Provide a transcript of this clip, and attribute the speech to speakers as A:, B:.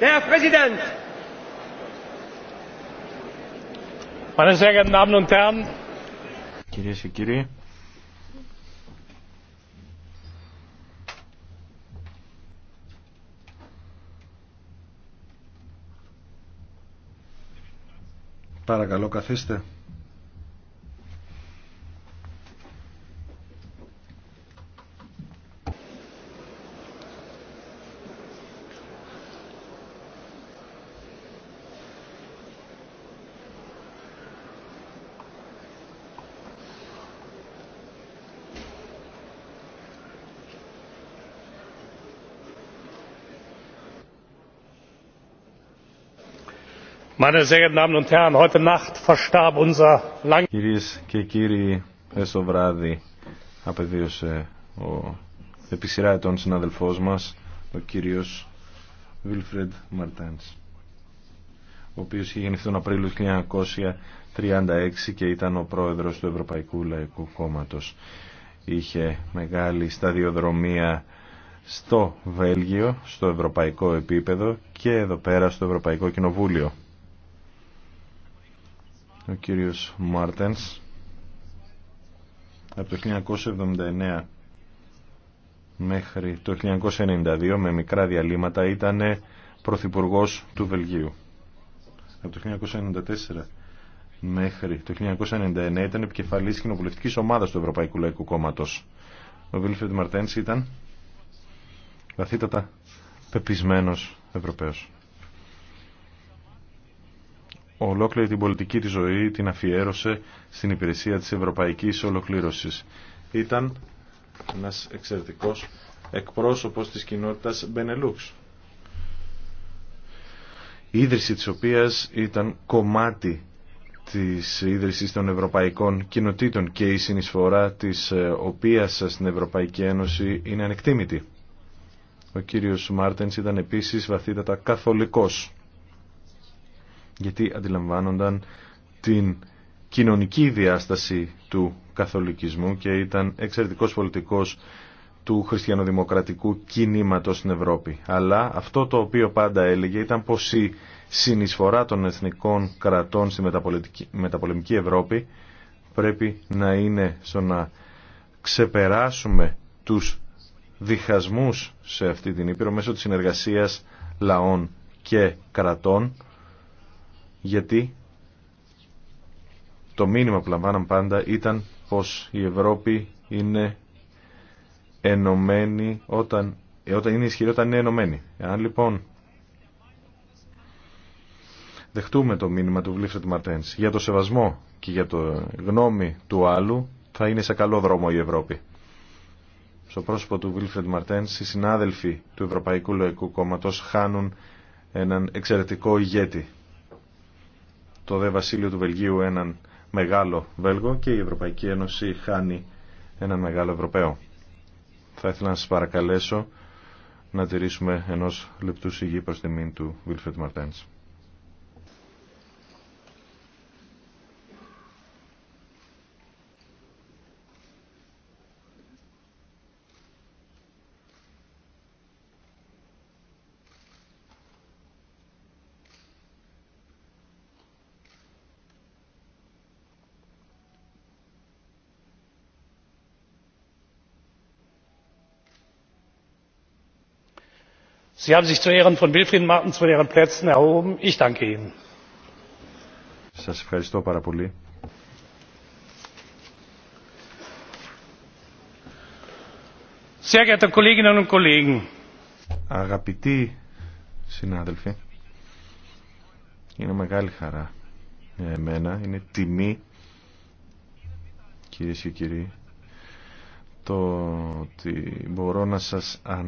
A: Der Präsident! Meine sehr geehrten Damen und Herren!
B: παρακαλώ καθίστε.
A: Κυρίες και κύριοι, έστω βράδυ απεβίωσε
B: ο επί συναδελφός μας, ο κύριος Βίλφρεντ Μαρτάνς, ο οποίος είχε γεννηθεί τον Απρίλιο 1936 και ήταν ο πρόεδρος του Ευρωπαϊκού Λαϊκού Κόμματος. Είχε μεγάλη σταδιοδρομία στο Βέλγιο, στο ευρωπαϊκό επίπεδο και εδώ πέρα στο Ευρωπαϊκό Κοινοβούλιο ο κύριος Μάρτενς από το 1979 μέχρι το 1992 με μικρά διαλύματα ήταν πρωθυπουργός του Βελγίου. Από το 1994 μέχρι το 1999 ήταν επικεφαλής κοινοβουλευτικής ομάδας του Ευρωπαϊκού Λαϊκού Κόμματος. Ο Βίλφιντ Μαρτένς ήταν βαθύτατα πεπισμένος Ευρωπαίος ολόκληρη την πολιτική της ζωή την αφιέρωσε στην υπηρεσία της ευρωπαϊκής ολοκλήρωσης. Ήταν ένας εξαιρετικός εκπρόσωπος της κοινότητας Μπενελούξ. Η ίδρυση της οποίας ήταν κομμάτι της ίδρυσης των ευρωπαϊκών κοινοτήτων και η συνεισφορά της ε, οποίας στην Ευρωπαϊκή Ένωση είναι ανεκτήμητη. Ο κύριος Μάρτενς ήταν επίσης βαθύτατα καθολικός γιατί αντιλαμβάνονταν την κοινωνική διάσταση του καθολικισμού και ήταν εξαιρετικός πολιτικός του χριστιανοδημοκρατικού κινήματος στην Ευρώπη. Αλλά αυτό το οποίο πάντα έλεγε ήταν πως η συνεισφορά των εθνικών κρατών στη μεταπολεμική Ευρώπη πρέπει να είναι στο να ξεπεράσουμε τους διχασμούς σε αυτή την Ήπειρο μέσω της συνεργασίας λαών και κρατών γιατί το μήνυμα που λαμβάναν πάντα ήταν πως η Ευρώπη είναι ενωμένη όταν, ε, όταν είναι ισχυρή όταν είναι ενωμένη. Αν λοιπόν δεχτούμε το μήνυμα του Βλήφρετ Μαρτένς για το σεβασμό και για το γνώμη του άλλου θα είναι σε καλό δρόμο η Ευρώπη. Στο πρόσωπο του Βίλφρεντ Μαρτένς, οι συνάδελφοι του Ευρωπαϊκού Λαϊκού Κόμματος χάνουν έναν εξαιρετικό ηγέτη το δε βασίλειο του Βελγίου έναν μεγάλο Βέλγο και η Ευρωπαϊκή Ένωση χάνει έναν μεγάλο Ευρωπαίο. Θα ήθελα να σας παρακαλέσω να τηρήσουμε ενός λεπτού σιγή προς μήν του Βίλφετ Μαρτένς.
A: sie haben sich zu ehren von wilfried martens von ihren plätzen erhoben. ich danke ihnen. Sehr geehrte Kolleginnen und Kollegen.
B: Αγαπητοί συνάδελφοι, είναι μεγάλη χαρά για εμένα, είναι τιμή κυρίες και κύριοι το ότι μπορώ να σας αναφέρω